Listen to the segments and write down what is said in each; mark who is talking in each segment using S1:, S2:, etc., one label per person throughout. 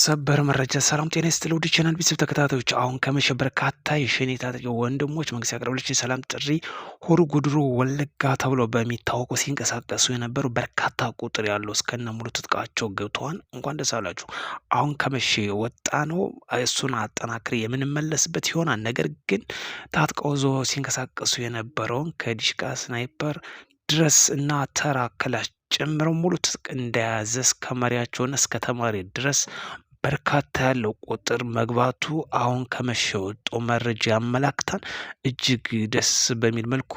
S1: ሰበር መረጃ። ሰላም ጤና ይስጥልኝ ውድ ቻናል ቤተሰብ ተከታታዮች፣ አሁን ከመሸ በርካታ የሸኔ ታጣቂ ወንድሞች መንግስት ያቀረበለች የሰላም ጥሪ ሆሮ ጉድሩ ወለጋ ተብሎ በሚታወቁ ሲንቀሳቀሱ የነበሩ በርካታ ቁጥር ያለው እስከነ ሙሉ ትጥቃቸው ገብተዋል። እንኳን ደስ አላችሁ። አሁን ከመሸ ወጣ ነው እሱን አጠናክር የምንመለስበት ይሆናል። ነገር ግን ታጥቀው ዞ ሲንቀሳቀሱ የነበረውን ከዲሽቃ ስናይፐር ድረስ እና ተራ ጨምሮ ሙሉ ትጥቅ እንደያዘ እስከ መሪያቸውና እስከ ተማሪ ድረስ በርካታ ያለው ቁጥር መግባቱ አሁን ከመሸ ወጦ መረጃ ያመላክታል። እጅግ ደስ በሚል መልኩ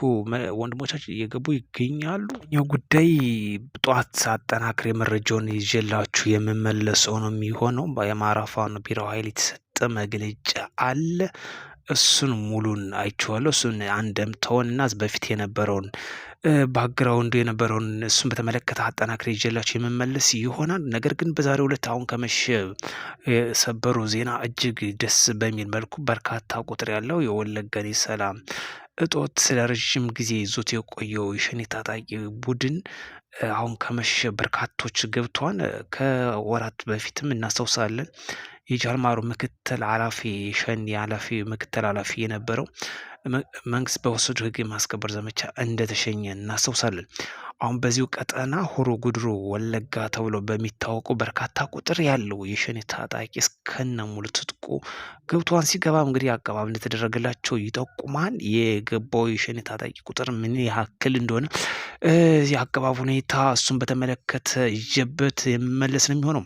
S1: ወንድሞቻችን እየገቡ ይገኛሉ። ኛው ጉዳይ ጠዋት አጠናክሬ መረጃውን ይዤላችሁ የምመለሰው ነው የሚሆነው። የአማራ ፋኖ ብሔራዊ ኃይል የተሰጠ መግለጫ አለ። እሱን ሙሉን አይቼዋለሁ። እሱን አንደምተውን እና በፊት የነበረውን ባክግራውንዱ የነበረውን እሱን በተመለከተ አጠናክር ይዤላችሁ የምመለስ ይሆናል። ነገር ግን በዛሬው ዕለት አሁን ከመሸ የሰበሩ ዜና እጅግ ደስ በሚል መልኩ በርካታ ቁጥር ያለው የወለጋን ሰላም እጦት ስለ ረዥም ጊዜ ይዞት የቆየው የሸኔ ታጣቂ ቡድን አሁን ከመሸ በርካቶች ገብተዋል። ከወራት በፊትም እናስታውሳለን የጃልማሩ ምክትል ኃላፊ ሸኔ ኃላፊ ምክትል ኃላፊ የነበረው መንግስት በወሰዱ ህግ የማስከበር ዘመቻ እንደተሸኘ እናስታውሳለን። አሁን በዚሁ ቀጠና ሆሮ ጉድሮ ወለጋ ተብሎ በሚታወቁ በርካታ ቁጥር ያለው የሸኔ ታጣቂ እስከነ ሙሉ ትጥቁ ገብቷን ሲገባም እንግዲህ አቀባብ እንደተደረገላቸው ይጠቁማል። የገባው የሸኔ ታጣቂ ቁጥር ምን ያክል እንደሆነ የአቀባብ ሁኔታ እሱን በተመለከተ ይጀበት የምመለስ ነው የሚሆነው።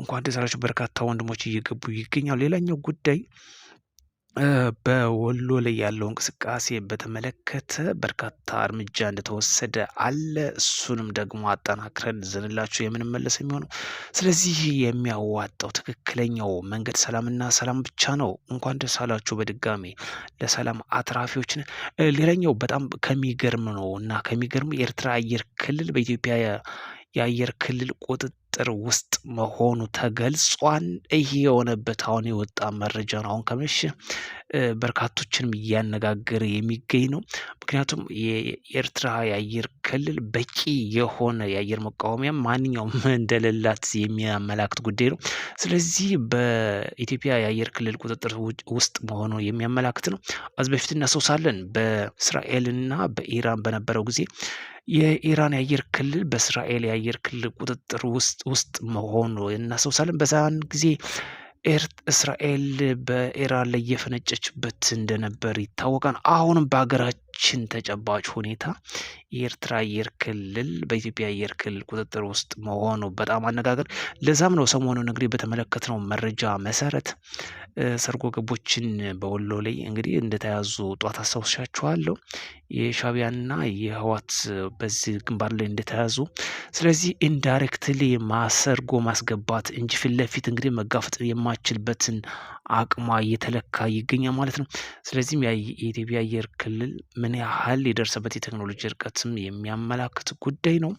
S1: እንኳን ደስ በርካታ ወንድሞች እየገቡ ይገኛሉ። ሌላኛው ጉዳይ በወሎ ላይ ያለው እንቅስቃሴ በተመለከተ በርካታ እርምጃ እንደተወሰደ አለ። እሱንም ደግሞ አጠናክረን ዘንላችሁ የምንመለስ የሚሆነው ስለዚህ የሚያዋጣው ትክክለኛው መንገድ ሰላምና ሰላም ብቻ ነው። እንኳን ደስ አላችሁ በድጋሚ ለሰላም አትራፊዎችን። ሌላኛው በጣም ከሚገርም ነው እና ከሚገርም የኤርትራ አየር ክልል በኢትዮጵያ የአየር ክልል ቁጥጥር ቁጥጥር ውስጥ መሆኑ ተገልጿል። ይህ የሆነበት አሁን የወጣ መረጃ ነው። አሁን ከመሸ በርካቶችንም እያነጋገረ የሚገኝ ነው። ምክንያቱም የኤርትራ የአየር ክልል በቂ የሆነ የአየር መቃወሚያ ማንኛውም እንደሌላት የሚያመላክት ጉዳይ ነው። ስለዚህ በኢትዮጵያ የአየር ክልል ቁጥጥር ውስጥ መሆኑ የሚያመላክት ነው። አዚ በፊት እናስታውሳለን በእስራኤልና በኢራን በነበረው ጊዜ የኢራን የአየር ክልል በእስራኤል የአየር ክልል ቁጥጥር ውስጥ ውስጥ መሆኑ እናስታውሳለን። በዛን ጊዜ እስራኤል በኢራን ላይ እየፈነጨችበት እንደነበር ይታወቃል። አሁንም በሀገራችን ያለችን ተጨባጭ ሁኔታ የኤርትራ አየር ክልል በኢትዮጵያ አየር ክልል ቁጥጥር ውስጥ መሆኑ በጣም አነጋገር። ለዛም ነው ሰሞኑን እንግዲህ በተመለከትነው መረጃ መሰረት ሰርጎ ገቦችን በወሎ ላይ እንግዲህ እንደተያዙ ጧት አስታውሻችኋለሁ። የሻቢያና የህዋት በዚህ ግንባር ላይ እንደተያዙ። ስለዚህ ኢንዳይሬክትሊ ማሰርጎ ማስገባት እንጂ ፊት ለፊት እንግዲህ መጋፈጥ የማችልበትን አቅሟ እየተለካ ይገኛል ማለት ነው። ስለዚህም የኢትዮጵያ አየር ክልል ምን ያህል የደረሰበት የቴክኖሎጂ እርቀትም የሚያመላክት ጉዳይ ነው።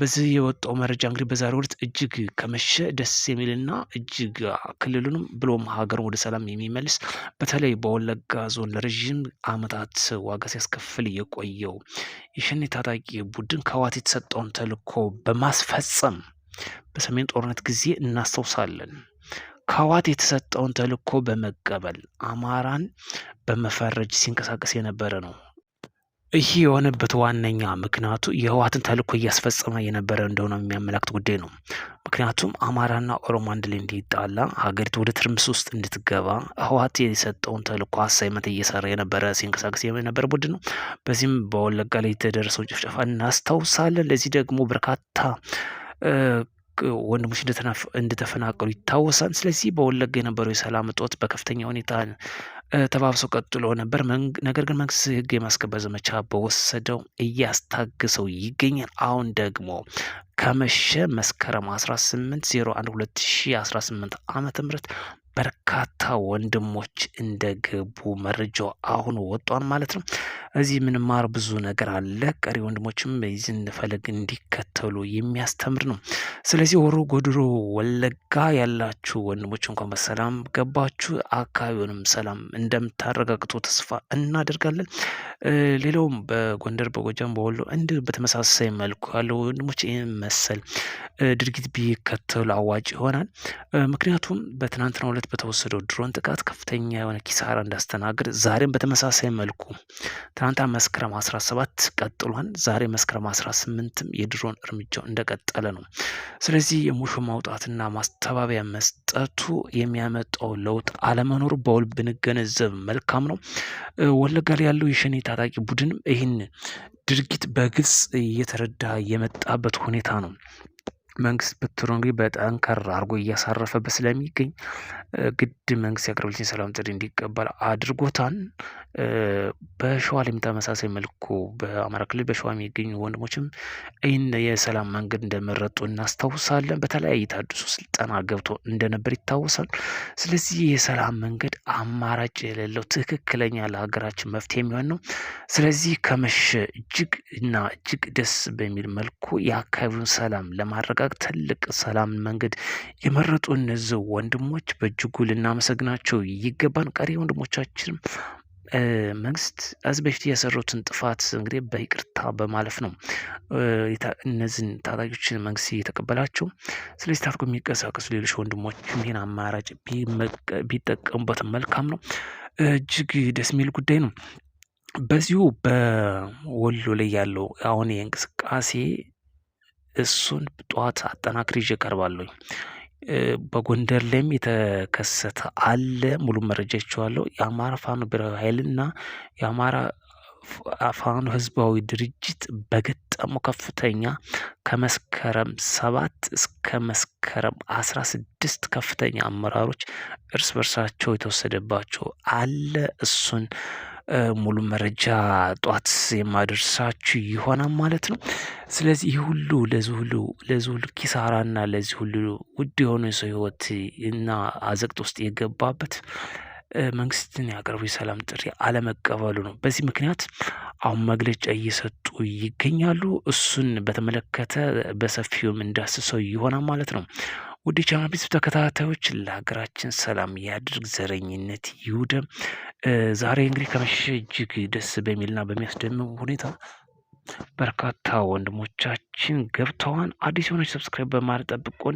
S1: በዚህ የወጣው መረጃ እንግዲህ በዛሬው ዕለት እጅግ ከመሸ ደስ የሚልና እጅግ ክልሉንም ብሎም ሀገር ወደ ሰላም የሚመልስ በተለይ በወለጋ ዞን ለረዥም ዓመታት ዋጋ ሲያስከፍል የቆየው የሸኔ ታጣቂ ቡድን ከህወሓት የተሰጠውን ተልዕኮ በማስፈጸም በሰሜን ጦርነት ጊዜ እናስታውሳለን። ከዋት የተሰጠውን ተልእኮ በመቀበል አማራን በመፈረጅ ሲንቀሳቀስ የነበረ ነው። ይህ የሆነበት ዋነኛ ምክንያቱ የህወሓትን ተልእኮ እያስፈጸመ የነበረ እንደሆነ የሚያመላክት ጉዳይ ነው። ምክንያቱም አማራና ኦሮሞ አንድ ላይ እንዲጣላ ሀገሪቱ ወደ ትርምስ ውስጥ እንድትገባ ህወሓት የሰጠውን ተልእኮ አሳይመንት እየሰራ የነበረ ሲንቀሳቀስ የነበረ ቡድን ነው። በዚህም በወለጋ ላይ የተደረሰውን ጭፍጨፋ እናስታውሳለን። ለዚህ ደግሞ በርካታ ወንድሞች እንደተፈናቀሉ ይታወሳል። ስለዚህ በወለጋ የነበረው የሰላም እጦት በከፍተኛ ሁኔታ ተባብሶ ቀጥሎ ነበር። ነገር ግን መንግስት ህግ የማስከበር ዘመቻ በወሰደው እያስታገሰው ይገኛል። አሁን ደግሞ ከመሸ መስከረም 18 01 2018 ዓመተ ምህረት በርካታ ወንድሞች እንደገቡ መረጃው አሁን ወጧል ማለት ነው። እዚህ ምንማር ብዙ ነገር አለ። ቀሪ ወንድሞችም በዚህን ፈለግ እንዲከተሉ የሚያስተምር ነው። ስለዚህ ሆሮ ጎድሮ ወለጋ ያላችሁ ወንድሞች እንኳን በሰላም ገባችሁ። አካባቢውንም ሰላም እንደምታረጋግጡ ተስፋ እናደርጋለን። ሌላውም በጎንደር በጎጃም በወሎ እንዲሁ በተመሳሳይ መልኩ ያለው ወንድሞች ይህን መሰል ድርጊት ቢከተሉ አዋጭ ይሆናል። ምክንያቱም በትናንትና ዕለት በተወሰደው ድሮን ጥቃት ከፍተኛ የሆነ ኪሳራ እንዳስተናግድ ዛሬም በተመሳሳይ መልኩ ትናንታ መስከረም 17 ቀጥሏል። ዛሬ መስከረም 18ም የድሮን እርምጃው እንደቀጠለ ነው። ስለዚህ የሙሾ ማውጣትና ማስተባበያ መስጠቱ የሚያመጣው ለውጥ አለመኖሩ በውል ብንገነዘብ መልካም ነው። ወለጋ ላይ ያለው የሸኔ ታጣቂ ቡድንም ይህን ድርጊት በግልጽ እየተረዳ የመጣበት ሁኔታ ነው። መንግስት ብትሮ እንግዲህ በጠንከር አድርጎ እያሳረፈበት ስለሚገኝ ግድ መንግስት ያቀረበልኝ ሰላም ጥሪ እንዲቀበል አድርጎታን። በሸዋ ላይም ተመሳሳይ መልኩ በአማራ ክልል በሸዋ የሚገኙ ወንድሞችም ይህን የሰላም መንገድ እንደመረጡ እናስታውሳለን። በተለያየ ታድሶ ስልጠና ገብቶ እንደነበር ይታወሳል። ስለዚህ የሰላም መንገድ አማራጭ የሌለው ትክክለኛ ለሀገራችን መፍትሄ የሚሆን ነው። ስለዚህ ከመሸ እጅግ እና እጅግ ደስ በሚል መልኩ የአካባቢውን ሰላም ለማረጋገጥ ለመላቀቅ ትልቅ ሰላም መንገድ የመረጡ እነዚህ ወንድሞች በእጅጉ ልናመሰግናቸው ይገባን። ቀሪ ወንድሞቻችንም መንግስት አዚ በፊት የሰሩትን ጥፋት እንግዲህ በይቅርታ በማለፍ ነው እነዚህን ታጣቂዎችን መንግስት እየተቀበላቸው። ስለዚህ ታጥቆ የሚንቀሳቀሱ ሌሎች ወንድሞችም ይህን አማራጭ ቢጠቀሙበት መልካም ነው። እጅግ ደስ የሚል ጉዳይ ነው። በዚሁ በወሎ ላይ ያለው አሁን የእንቅስቃሴ እሱን ጠዋት አጠናክር ይዤ እቀርባለሁ። በጎንደር ላይም የተከሰተ አለ ሙሉ መረጃ ይችዋለሁ። የአማራ ፋኖ ብሔራዊ ኃይልና የአማራ ፋኖ ህዝባዊ ድርጅት በገጠሙ ከፍተኛ ከመስከረም ሰባት እስከ መስከረም አስራ ስድስት ከፍተኛ አመራሮች እርስ በርሳቸው የተወሰደባቸው አለ እሱን ሙሉ መረጃ ጧት የማደርሳችሁ ይሆናል ማለት ነው። ስለዚህ ይህ ሁሉ ለዚህ ሁሉ ለዚህ ሁሉ ኪሳራና ለዚህ ሁሉ ውድ የሆነ የሰው ህይወት እና አዘቅት ውስጥ የገባበት መንግስትን ያቀረቡ የሰላም ጥሪ አለመቀበሉ ነው። በዚህ ምክንያት አሁን መግለጫ እየሰጡ ይገኛሉ። እሱን በተመለከተ በሰፊውም እንዳስሰው ይሆናል ማለት ነው። ወደ የቻናል ቤተሰብ ተከታታዮች ለሀገራችን ሰላም ያድርግ፣ ዘረኝነት ይውደም። ዛሬ እንግዲህ ከመሸ እጅግ ደስ በሚልና በሚያስደምም ሁኔታ በርካታ ወንድሞቻችን ገብተዋን አዲስ የሆነች ሰብስክራይብ በማድረግ ጠብቆን